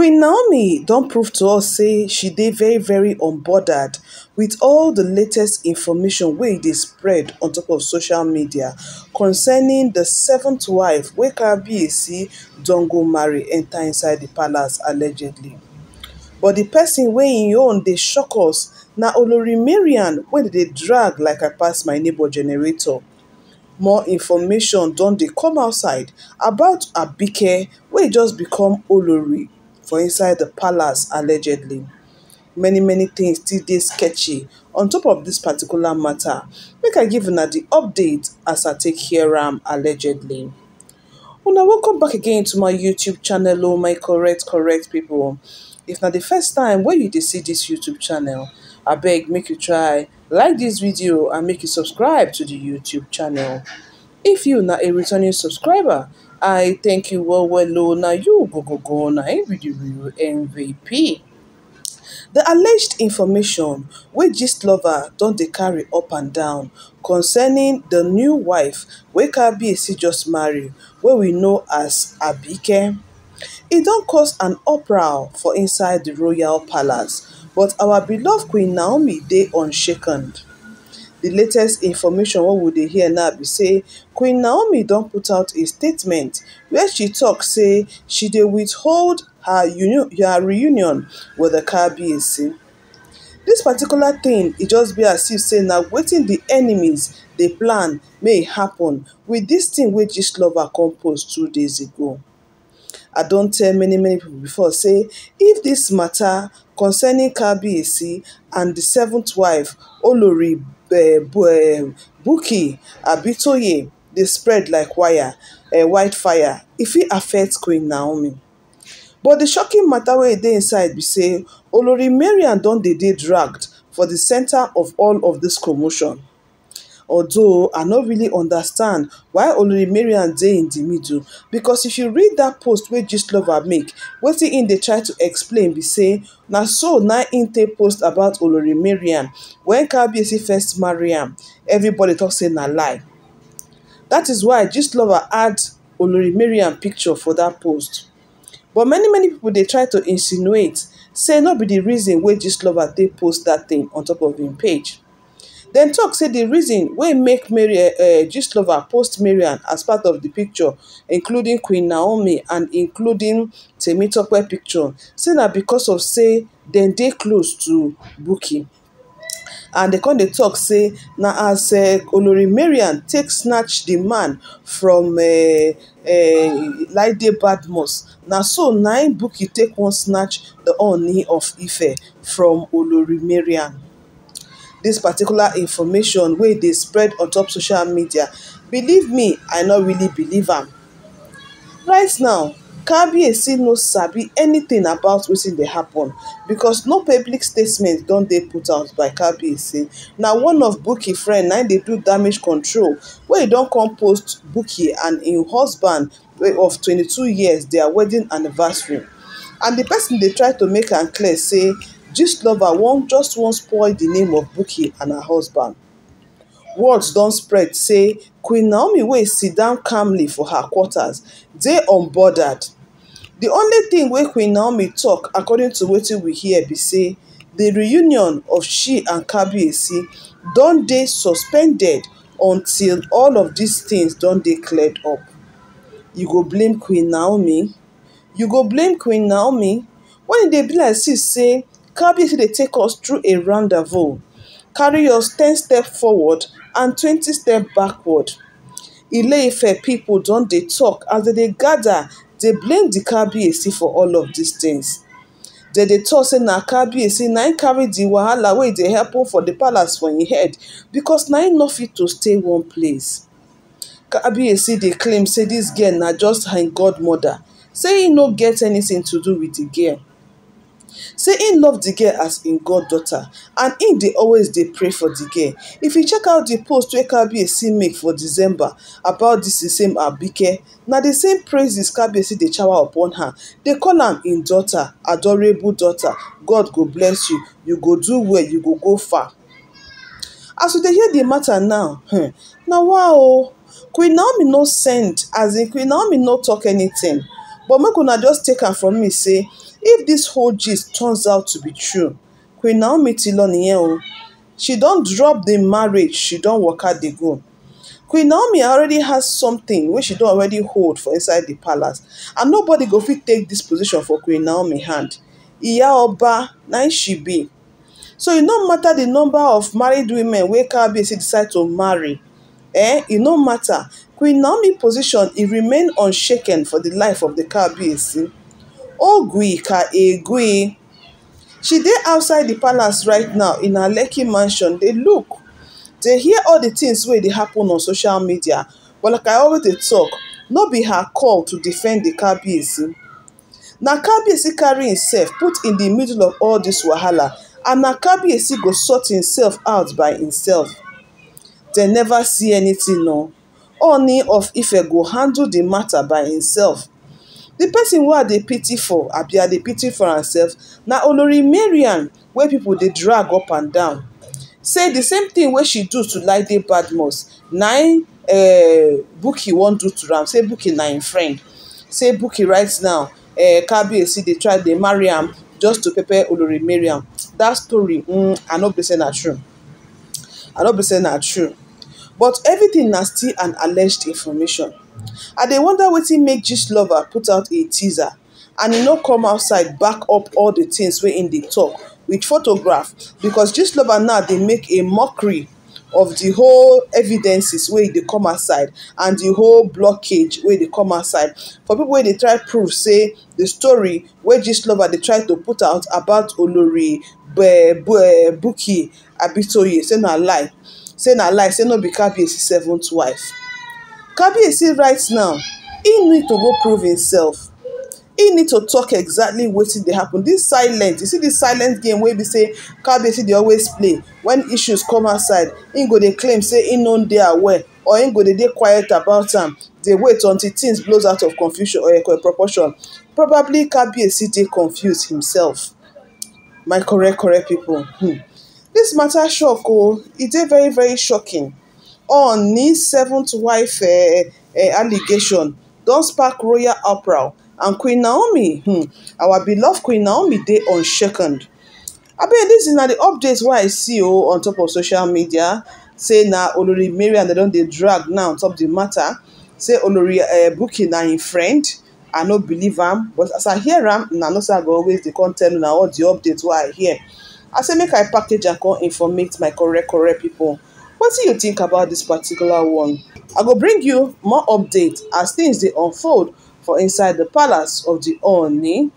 Queen Naomi don't prove to us say she did very very unbothered with all the latest information wey e dey spread on top of social media concerning the seventh wife where can Kabiyesi don go marry enter inside the palace allegedly. But the person wey im e own dey shock us na Olori Marian wey they drag like I pass my neighbor generator. More information don't they come outside about Abike where just become Olori for inside the palace allegedly many many things still dey sketchy on top of this particular matter make i give una the update as i take hear am allegedly una welcome back again to my youtube channel o oh my correct correct people. if na the first time where you dey see this youtube channel I beg make you try like this video and make you subscribe to the youtube channel if you na a returning subscriber I thank you well, well, oh, now you go, go, go, now be the real MVP. The alleged information which gist lover don't they carry up and down concerning the new wife wey Kabiyesi just married where we know as Abike. It don't cause an uproar for inside the royal palace but our beloved Queen Naomi dey unshaken. The latest information wey we dey hear now be say queen naomi don put out a statement wia she tok say she dey withhold her her reunion wit di kabiyesi dis particular tin e just be as if say na wetin di enemies dey plan may e happun wit dis tin wey gist lover come post two days ago i don tell many many pipo before say if dis mata concerning kabiyesi and di seventh wife olori Eh, eh, bukky abi toye dey spread like wire eh, white fire. e fit affect queen naomi but di shocking mata wey e dey inside be say olori mariam don dey dey dragged for di centre of all of dis commotion although I no really understand why Olorimarian dey in the middle because if you read that post where Just Lover make wetin in? They try to explain be say now so now in take post about Olori Olorimarian when Kabiyesi first marry everybody talks in a lie That is why Just Lover add Olori Olorimarian picture for that post but many many people they try to insinuate say not be the reason where Just Lover they post that thing on top of im page dem tok say di reason wey make mary eh, eh, gislova post marian as part of di picture including queen naomi and including temitope picture say na becos of say dem dey close to bukky and dem come dey tok say na as eh, olori Marian take snatch di man from laide badmus na so na im bukky take wan snatch di honey of ife from olori Marian. This particular information wey dey spread on top social media believe me i no really believe am right now Kabiyesi no sabi anything about wetin dey happen because no public statement don dey put out by Kabiyesi. Na one of Bukky friend na dey do damage control wey e don come post Bukky and im husband of twenty two years their wedding anniversary. And the person dey try to make am clear say dis lover not just wan spoil the name of buki and her husband words don't spread say queen naomi wey sit down calmly for her quarters dey unbothered The only thing where queen naomi talk according to what we hear be say the reunion of she and don't they suspended until all of things don't they cleared up you go blame queen naomi you go blame queen naomi when they dey be like say Kábíyèsí they take us through a rendezvous, carry us 10 steps forward and 20 steps backward. Ile-Ife pipu don dey talk as they dey gather they blame the Kábíyèsí for all of these things. Then they toss in a Kábíyèsí na im carry the wahala wey dey happen for the palace for im head because na im no fit to stay one place. Kábíyèsí they claim say this girl na just her godmother, say he no get anything to do with the girl say im love di girl as im god daughter and im dey always dey pray for di girl if you check out di post wey kabiyesi make for december about dis same abike na di same praises kabiyesi dey shower upon her dey call am im daughter adorable daughter god go bless you you go do well you go go far as we dey hear di matter now hmm, na wa o queen naomi no send as in queen naomi no talk anything but make una just take am from me say if dis whole gist turns out to be true queen naomi ti lọ nìyẹn o she don drop the marriage she don waka dey go queen naomi already has something wey she don already hold for inside the palace and nobody go fit take dis position for queen naomi hand iya oba na im she be so e no matter the number of married women wey kabiyesi decide to marry eh e no matter queen naomi position e remain unshaken for the life of the kabiyesi. Ogwi ka Egwi. She dey outside the palace right now in her Lekki mansion dey look, dey hear all the things wey dey happen on social media but like I always dey tok, no be her call to defend the Kabiyesi. Na Kabiyesi carry himself put in the middle of all this wahala and na Kabiyesi go sort himself out by himself. Dem never see anytin o, Ooni of Ife go handle the matter by himself. The person wey i dey pity for abi i dey pity for herself na olori mariam wey people dey drag up and down say the same thing wey she do to laide badmus na im eh, bukki wan do to am say bukki na im friend say bukki right now eh, kabiyesi dey try dey marry am just to pepper olori mariam That story mm, i no be say na true i no be say na true but everything na still an alleged information i dey wonder wetin make gist lover put out a teaser and e no come outside back up all the things wey im dey tok wit photograph Because gist lover now dey make a mockery of the whole evidences wey dey come outside and the whole blockage wey dey come outside for people wey dey try prove say the story wey gist lover dey try to put out about olori buki abitoye say na lie say no be kabiyesi seventh wife Kabiyesi right now, he need to go prove himself. He need to talk exactly wetin dey happen. This silent, you see this silent game wey be say Kabiyesi dey always play. When issues come outside, he go dey claim say he no dey aware or he go dey dey quiet about am, dey wait until things blows out of confusion eh, or equal proportion. Probably Kabiyesi dey confused himself. My correct correct people. Hmm. This matter shock oo. Oh, e dey very very shocking on ní seventh wife uh, uh, allegation don spark royal uproar and queen naomi hmm, our beloved queen naomi dey unshaken. abeg dis na di update wey i see oh, on top of social media say na olori mariam dem don dey drag now on top di matter say olori eh, buki na im friend i no believe am but as i hear am na no say i go always dey come tell una all di update wey i hear i say make i package am come informate my correct correct people. What do you think about this particular one? I go bring you more updates as things they unfold for inside the palace of the Oni.